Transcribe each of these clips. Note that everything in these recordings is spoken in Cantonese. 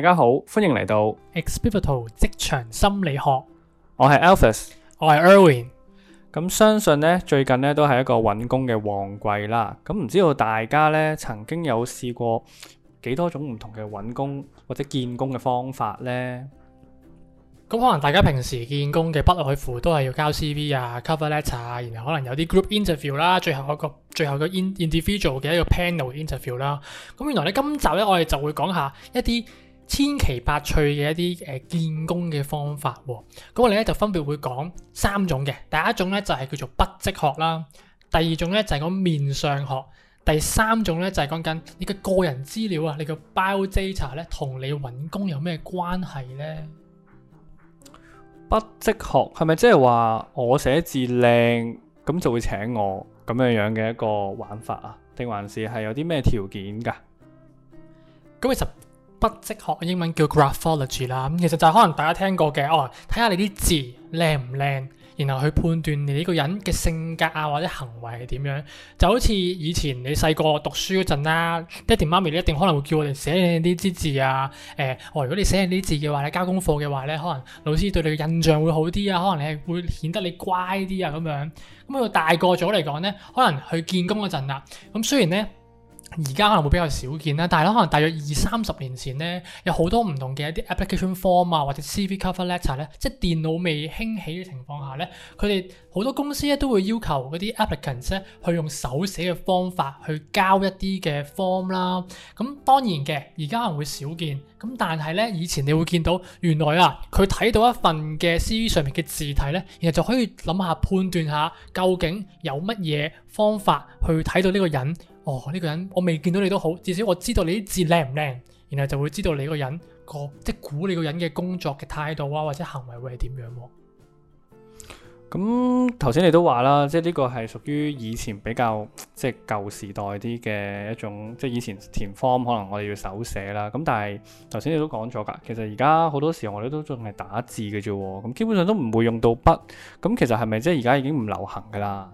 大家好，歡迎嚟到 Experito 職場心理學。我係 Alfie，我係 Erwin。咁相信咧，最近咧都係一個揾工嘅旺季啦。咁唔知道大家咧，曾經有試過幾多種唔同嘅揾工或者見工嘅方法呢？咁可能大家平時見工嘅不外乎都係要交 CV 啊、cover letter 啊，然後可能有啲 group interview 啦，最後一個最後嘅 in individual 嘅一個 panel interview 啦。咁原來咧，今集咧我哋就會講下一啲。千奇百趣嘅一啲誒、呃、見工嘅方法喎、哦，咁我哋咧就分別會講三種嘅，第一種咧就係、是、叫做筆跡學啦，第二種咧就係、是、講面相學，第三種咧就係講緊你嘅個人資料啊，你嘅 bio data 咧同你揾工有咩關係呢？筆跡學係咪即係話我寫字靚咁就會請我咁樣樣嘅一個玩法啊？定還是係有啲咩條件噶？咁其實。筆跡學英文叫 graphology 啦，咁其實就係可能大家聽過嘅哦，睇下你啲字靚唔靚，然後去判斷你呢個人嘅性格啊或者行為係點樣，就好似以前你細個讀書嗰陣啦，爹哋媽咪一定可能會叫我哋寫靚啲字啊、呃哦，如果你寫靚啲字嘅話你交功課嘅話咧，可能老師對你嘅印象會好啲啊，可能你係會顯得你乖啲啊咁樣，咁佢大個咗嚟講咧，可能去見工嗰陣啦，咁雖然咧。而家可能會比較少見啦，但係咧可能大約二三十年前咧，有好多唔同嘅一啲 application form 啊，或者 CV cover letter 咧，即係電腦未興起嘅情況下咧，佢哋好多公司咧都會要求嗰啲 applicants 咧去用手寫嘅方法去交一啲嘅 form 啦。咁當然嘅，而家可能會少見。咁但係咧，以前你會見到原來啊，佢睇到一份嘅 CV 上面嘅字體咧，然後就可以諗下判斷下究竟有乜嘢方法去睇到呢個人。哦，呢個人我未見到你都好，至少我知道你啲字靚唔靚，然後就會知道你個人個即係估你個人嘅工作嘅態度啊，或者行為會係點樣喎？咁頭先你都話啦，即係呢個係屬於以前比較即係舊時代啲嘅一種，即係以前填 form 可能我哋要手寫啦。咁但係頭先你都講咗㗎，其實而家好多時候我哋都仲係打字嘅啫喎，咁基本上都唔會用到筆。咁其實係咪即係而家已經唔流行㗎啦？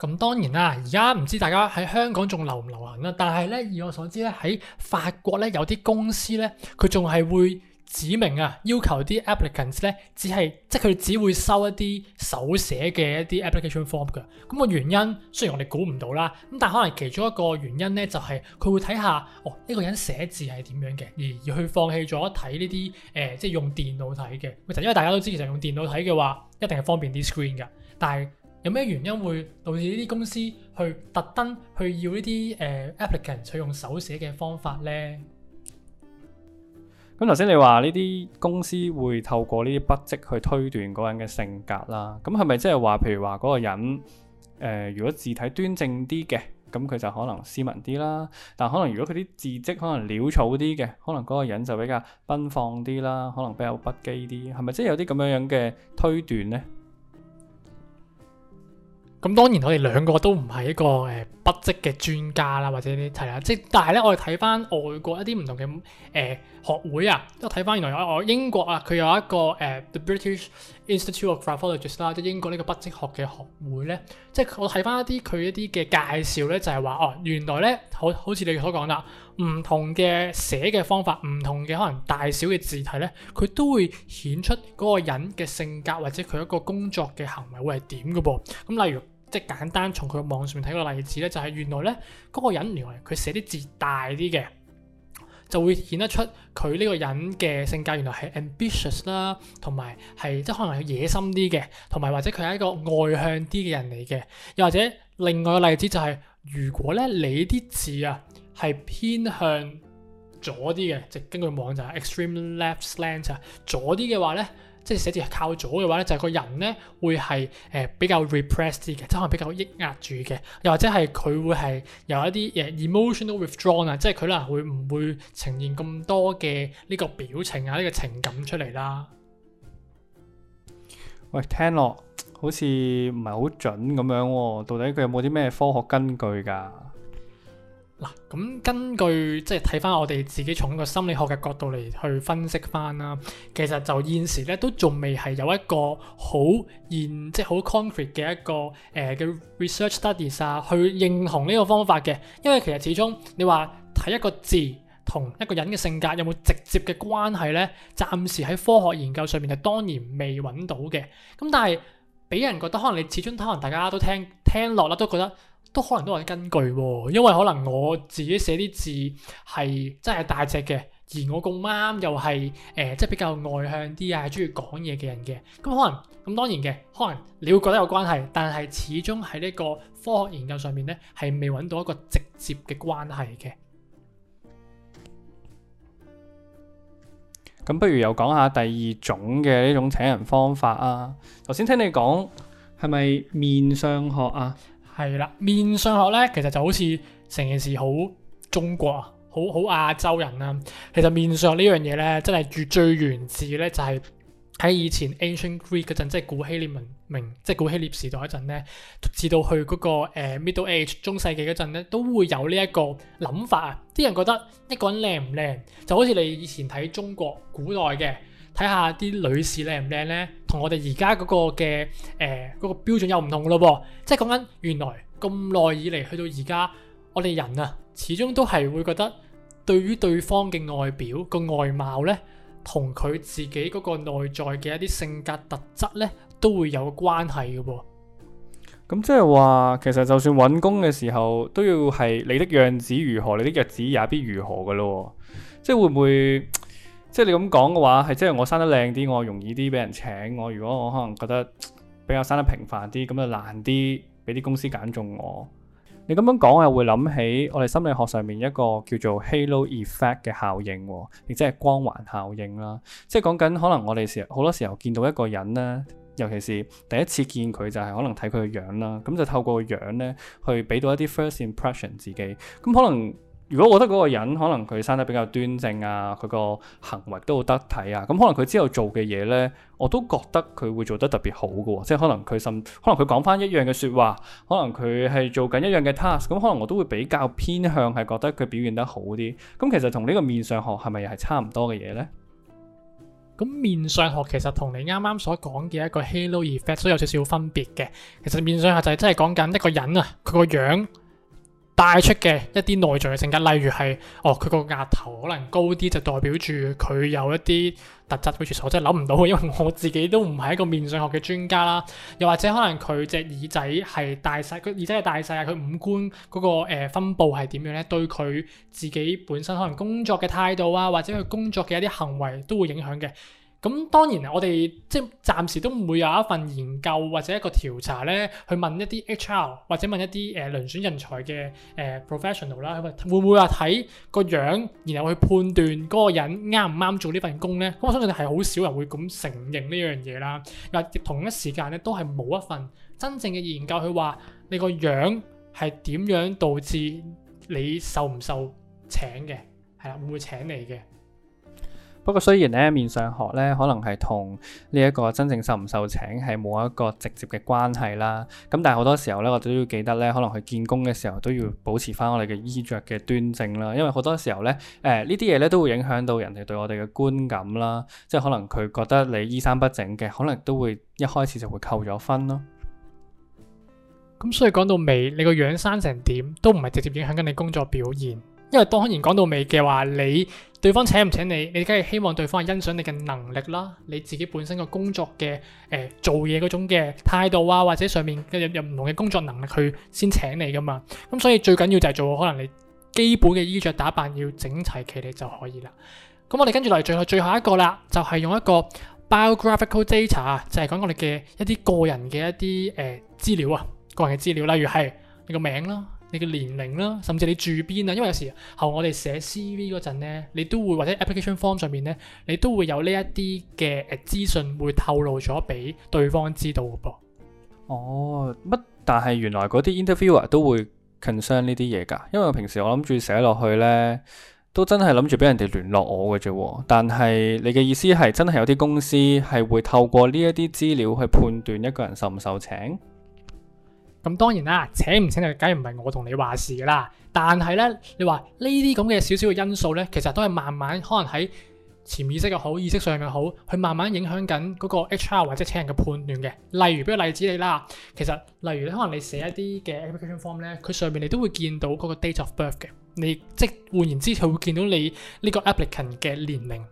咁當然啦，而家唔知大家喺香港仲流唔流行啦。但係咧，以我所知咧，喺法國咧有啲公司咧，佢仲係會指明啊，要求啲 applicants 咧只係即係佢只會收一啲手寫嘅一啲 application form 嘅。咁個原因雖然我哋估唔到啦，咁但係可能其中一個原因咧就係佢會睇下哦呢個人寫字係點樣嘅，而而去放棄咗睇呢啲誒即係用電腦睇嘅。因為大家都知，其實用電腦睇嘅話一定係方便啲 screen 嘅，但係。有咩原因會導致呢啲公司去特登去要呢啲誒、呃、applicant 採用手寫嘅方法呢？咁頭先你話呢啲公司會透過呢啲筆跡去推斷嗰人嘅性格啦。咁係咪即係話，譬如話嗰個人誒、呃，如果字體端正啲嘅，咁佢就可能斯文啲啦。但可能如果佢啲字跡可能潦草啲嘅，可能嗰個人就比較奔放啲啦，可能比較不羈啲。係咪即係有啲咁樣樣嘅推斷呢？咁當然我哋兩個都唔係一個誒、呃、筆跡嘅專家啦，或者啲係啦，即係但係咧，我哋睇翻外國一啲唔同嘅誒、呃、學會啊，即係睇翻原來我英國啊，佢有一個、呃、The British Institute of Graphologists 啦，即係英國呢個筆跡學嘅學會咧，即、就、係、是、我睇翻一啲佢一啲嘅介紹咧，就係話哦原來咧好好似你所講啦，唔同嘅寫嘅方法，唔同嘅可能大小嘅字體咧，佢都會顯出嗰個人嘅性格或者佢一個工作嘅行為會係點嘅噃，咁、嗯、例如。即係簡單，從佢個網上面睇個例子咧，就係原來咧嗰個人原來佢寫啲字大啲嘅，就會顯得出佢呢個人嘅性格原來係 ambitious 啦，同埋係即係可能係野心啲嘅，同埋或者佢係一個外向啲嘅人嚟嘅。又或者另外一個例子就係，如果咧你啲字啊係偏向左啲嘅，即根據網就係 extreme left slant 啊，左啲嘅話咧。即係寫字靠左嘅話咧，就個人咧會係誒比較 repressed 啲嘅，即係可能比較抑壓住嘅，又或者係佢會係有一啲嘢 emotional withdrawal 啊，即係佢啦會唔會呈現咁多嘅呢個表情啊，呢個情感出嚟啦？喂，聽落好似唔係好準咁樣喎，到底佢有冇啲咩科學根據㗎？咁根據即係睇翻我哋自己從一個心理學嘅角度嚟去分析翻啦，其實就現時咧都仲未係有一個好現即係好 concrete 嘅一個誒嘅、呃、research studies 啊，去認同呢個方法嘅，因為其實始終你話睇一個字同一個人嘅性格有冇直接嘅關係咧，暫時喺科學研究上面係當然未揾到嘅。咁但係俾人覺得可能你始終可能大家都聽聽落啦，都覺得。都可能都有啲根據喎，因為可能我自己寫啲字係真係大隻嘅，而我咁啱又係誒即係比較外向啲啊，係中意講嘢嘅人嘅，咁可能咁當然嘅，可能你會覺得有關係，但係始終喺呢個科學研究上面咧，係未揾到一個直接嘅關係嘅。咁不如又講下第二種嘅呢種請人方法啊？頭先聽你講係咪面相學啊？係啦，面相學咧，其實就好似成件事好中國啊，好好亞洲人啊。其實面相呢樣嘢咧，真係越最原始咧，就係喺以前 ancient Greek 嗰陣，即係古希臘文明，即係古希臘時代嗰陣咧，至到去嗰個 Middle Age 中世紀嗰陣咧，都會有呢一個諗法啊。啲人覺得一個人靚唔靚，就好似你以前睇中國古代嘅。睇下啲女士靚唔靚呢，同我哋而家嗰個嘅誒嗰個標準又唔同噶咯，即係講緊原來咁耐以嚟去到而家，我哋人啊始終都係會覺得，對於對方嘅外表個外貌呢，同佢自己嗰個內在嘅一啲性格特質呢，都會有關係嘅噃。咁即係話，其實就算搵工嘅時候，都要係你的樣子如何，你的日子也必如何嘅咯。即係會唔會？即係你咁講嘅話，係即係我生得靚啲，我容易啲俾人請；我如果我可能覺得比較生得平凡啲，咁就難啲俾啲公司揀中我。你咁樣講，我又會諗起我哋心理學上面一個叫做 halo effect 嘅效應，亦即係光環效應啦。即係講緊可能我哋時好多時候見到一個人呢，尤其是第一次見佢就係可能睇佢嘅樣啦，咁就透過個樣呢，去俾到一啲 first impression 自己，咁可能。如果我覺得嗰個人可能佢生得比較端正啊，佢個行為都好得體啊，咁可能佢之後做嘅嘢呢，我都覺得佢會做得特別好嘅、啊、即係可能佢甚，可能佢講翻一樣嘅説話，可能佢係做緊一樣嘅 task，咁可能我都會比較偏向係覺得佢表現得好啲。咁其實同呢個面上學係咪係差唔多嘅嘢呢？咁面上學其實同你啱啱所講嘅一個 halo effect 都有少少分別嘅。其實面上學就係真係講緊一個人啊，佢個樣，帶出嘅一啲內在嘅性格，例如係哦，佢個額頭可能高啲，就代表住佢有一啲特質。佢其實我真係諗唔到，因為我自己都唔係一個面相學嘅專家啦。又或者可能佢隻耳仔係大細，佢耳仔係大細啊。佢五官嗰個誒分佈係點樣咧？對佢自己本身可能工作嘅態度啊，或者佢工作嘅一啲行為都會影響嘅。咁當然我哋即係暫時都唔會有一份研究或者一個調查咧，去問一啲 HR 或者問一啲誒遴選人才嘅誒 professional 啦，會唔會話睇個樣然後去判斷嗰個人啱唔啱做呢份工咧？咁我相信係好少人會咁承認呢樣嘢啦。嗱，同一時間咧都係冇一份真正嘅研究，佢話你個樣係點樣導致你受唔受請嘅？係啦，會唔會請你嘅？不過雖然咧面相學，咧，可能係同呢一個真正受唔受請係冇一個直接嘅關係啦。咁但係好多時候咧，我哋都要記得咧，可能去見工嘅時候都要保持翻我哋嘅衣着嘅端正啦。因為好多時候咧，誒呢啲嘢咧都會影響到人哋對我哋嘅觀感啦。即係可能佢覺得你衣衫不整嘅，可能都會一開始就會扣咗分咯。咁所以講到尾，你個樣生成點都唔係直接影響緊你工作表現。因為當然講到尾嘅話，你對方請唔請你，你梗係希望對方係欣賞你嘅能力啦，你自己本身嘅工作嘅、呃、做嘢嗰種嘅態度啊，或者上面嘅有唔同嘅工作能力去先請你㗎嘛。咁所以最緊要就係做可能你基本嘅衣着打扮要整齊企理就可以啦。咁我哋跟住嚟最後最後一個啦，就係、是、用一個 biographical data 啊，就係講我哋嘅一啲個人嘅一啲誒資料啊，個人嘅資料，例如係你個名啦。你嘅年齡啦，甚至你住邊啊？因為有時候我哋寫 CV 嗰陣咧，你都會或者 application form 上面咧，你都會有呢一啲嘅資訊會透露咗俾對方知道嘅噃。哦，乜？但係原來嗰啲 interviewer 都會 concern 呢啲嘢㗎。因為我平時我諗住寫落去咧，都真係諗住俾人哋聯絡我嘅啫。但係你嘅意思係真係有啲公司係會透過呢一啲資料去判斷一個人受唔受請？咁當然啦，請唔請就梗係唔係我同你話事㗎啦。但係咧，你話呢啲咁嘅少少嘅因素咧，其實都係慢慢可能喺潛意識又好，意識上又好，去慢慢影響緊嗰個 HR 或者請人嘅判斷嘅。例如，俾個例子你啦，其實例如你可能你寫一啲嘅 application form 咧，佢上面你都會見到嗰個 date of birth 嘅，你即係換言之，佢會見到你呢個 applicant 嘅年齡。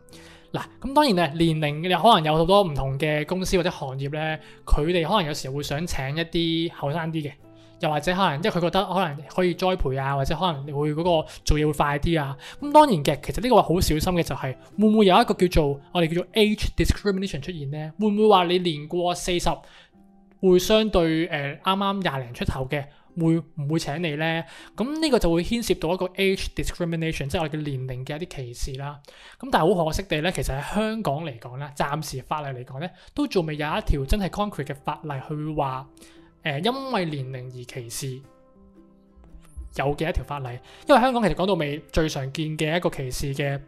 嗱，咁當然咧，年齡你可能有好多唔同嘅公司或者行業咧，佢哋可能有時候會想請一啲後生啲嘅，又或者可能即係佢覺得可能可以栽培啊，或者可能會嗰個做嘢會快啲啊。咁當然嘅，其實呢個好小心嘅就係會唔會有一個叫做我哋叫做 age discrimination 出現咧？會唔會話你年過四十會相對誒啱啱廿零出頭嘅？會唔會請你呢？咁呢個就會牽涉到一個 age discrimination，即係我哋嘅年齡嘅一啲歧視啦。咁但係好可惜地呢，其實喺香港嚟講咧，暫時法例嚟講呢，都仲未有一條真係 concrete 嘅法例去話、呃、因為年齡而歧視有嘅一條法例。因為香港其實講到尾最，最常見嘅一個歧視嘅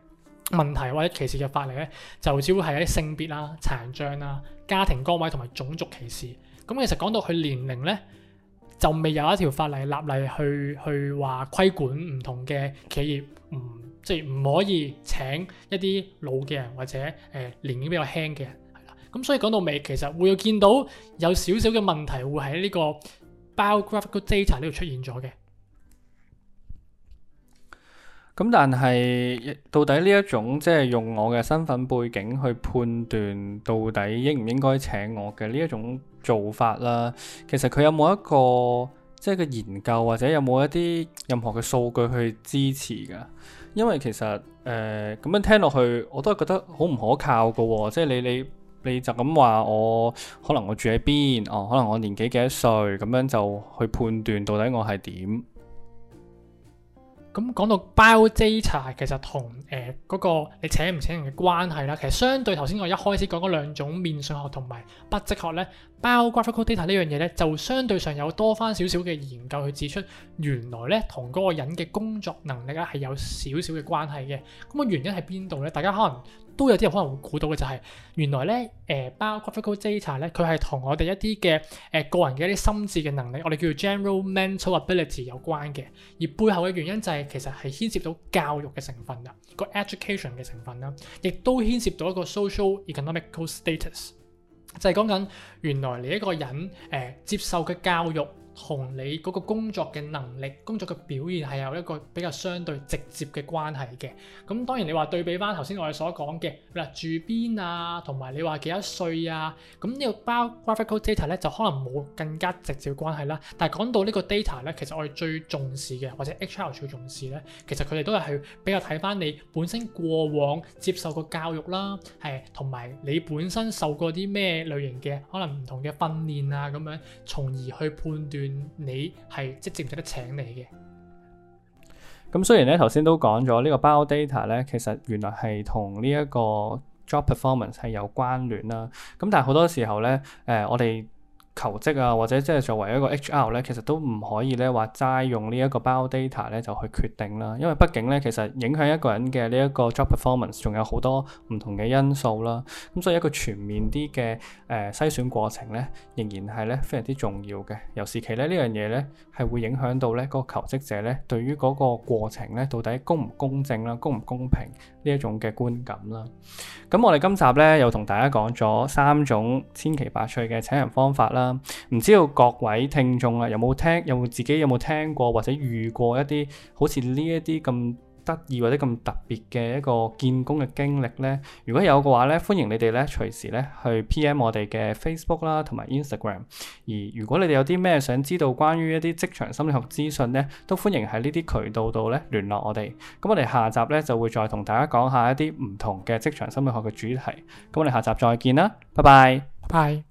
問題或者歧視嘅法例呢，就只會係一啲性別啦、殘障啦、家庭崗位同埋種族歧視。咁其實講到佢年齡呢，就未有一條法例立例去去話規管唔同嘅企業，唔即係唔可以請一啲老嘅人或者誒年紀比較輕嘅人，係啦。咁所以講到尾，其實會有見到有少少嘅問題會喺呢個 biographical data 呢度出現咗嘅。咁但係到底呢一種即係用我嘅身份背景去判斷，到底應唔應該請我嘅呢一種？做法啦，其實佢有冇一個即係個研究或者有冇一啲任何嘅數據去支持㗎？因為其實誒咁、呃、樣聽落去，我都係覺得好唔可靠嘅喎、哦。即係你你你就咁話我，可能我住喺邊，哦，可能我年紀幾多歲，咁樣就去判斷到底我係點？咁講到 Bio Data，其實同誒嗰個你請唔請人嘅關係啦，其實相對頭先我一開始講嗰兩種面相學同埋筆跡學咧，Biographical Data 呢樣嘢咧，就相對上有多翻少少嘅研究去指出，原來咧同嗰個人嘅工作能力咧係有少少嘅關係嘅。咁個原因係邊度咧？大家可能？都有啲人可能會估到嘅就係、是、原來咧，biographical data 咧，佢係同我哋一啲嘅、呃、個人嘅一啲心智嘅能力，我哋叫做 general mental ability 有關嘅。而背後嘅原因就係、是、其實係牽涉到教育嘅成分啦，個 education 嘅成分啦，亦都牽涉到一個 social economic status，就係講緊原來你一個人、呃、接受嘅教育。同你個工作嘅能力、工作嘅表現係有一個比較相對直接嘅關係嘅。咁當然你話對比翻頭先我哋所講嘅嗱住邊啊，同埋你話幾多歲啊，咁呢個 biographical data 咧，就可能冇更加直接關係啦。但係講到呢個 data 咧，其實我哋最重視嘅或者 HR 最重視咧,其實佢哋都係去比較睇翻你本身過往接受過教育啦，係同埋你本身受過啲咩類型嘅可能唔同嘅訓練啊，咁樣從而去判斷。你係即值唔值得請你嘅？咁雖然咧，頭先都講咗、這個、呢個 bio data 咧，其實原來係同呢一個 job performance 係有關聯啦。咁但係好多時候咧，誒、呃、我哋。求職啊，或者即係作為一個 HR 咧，其實都唔可以咧話齋用這呢一個 bio data 咧就去決定啦，因為畢竟咧其實影響一個人嘅呢一個 job performance 仲有好多唔同嘅因素啦。咁所以一個全面啲嘅誒篩選過程咧，仍然係咧非常之重要嘅。尤其係咧呢這樣嘢咧係會影響到咧個求職者咧對於個過程咧到底公唔公正啦、公唔公平呢一種嘅觀感啦。咁我哋今集咧又同大家講咗三種千奇百趣嘅請人方法啦。唔知道各位聽眾啊，有冇聽，有冇自己有冇聽過或者遇過一啲好似呢一啲咁得意或者咁特別嘅一個見工嘅經歷呢？如果有嘅話呢，歡迎你哋呢隨時呢去 PM 我哋嘅 Facebook 啦，同埋 Instagram。而如果你哋有啲咩想知道關於一啲職場心理學資訊呢，都歡迎喺呢啲渠道度呢聯絡我哋。咁我哋下集呢，就會再同大家講下一啲唔同嘅職場心理學嘅主題。咁我哋下集再見啦，拜拜，拜。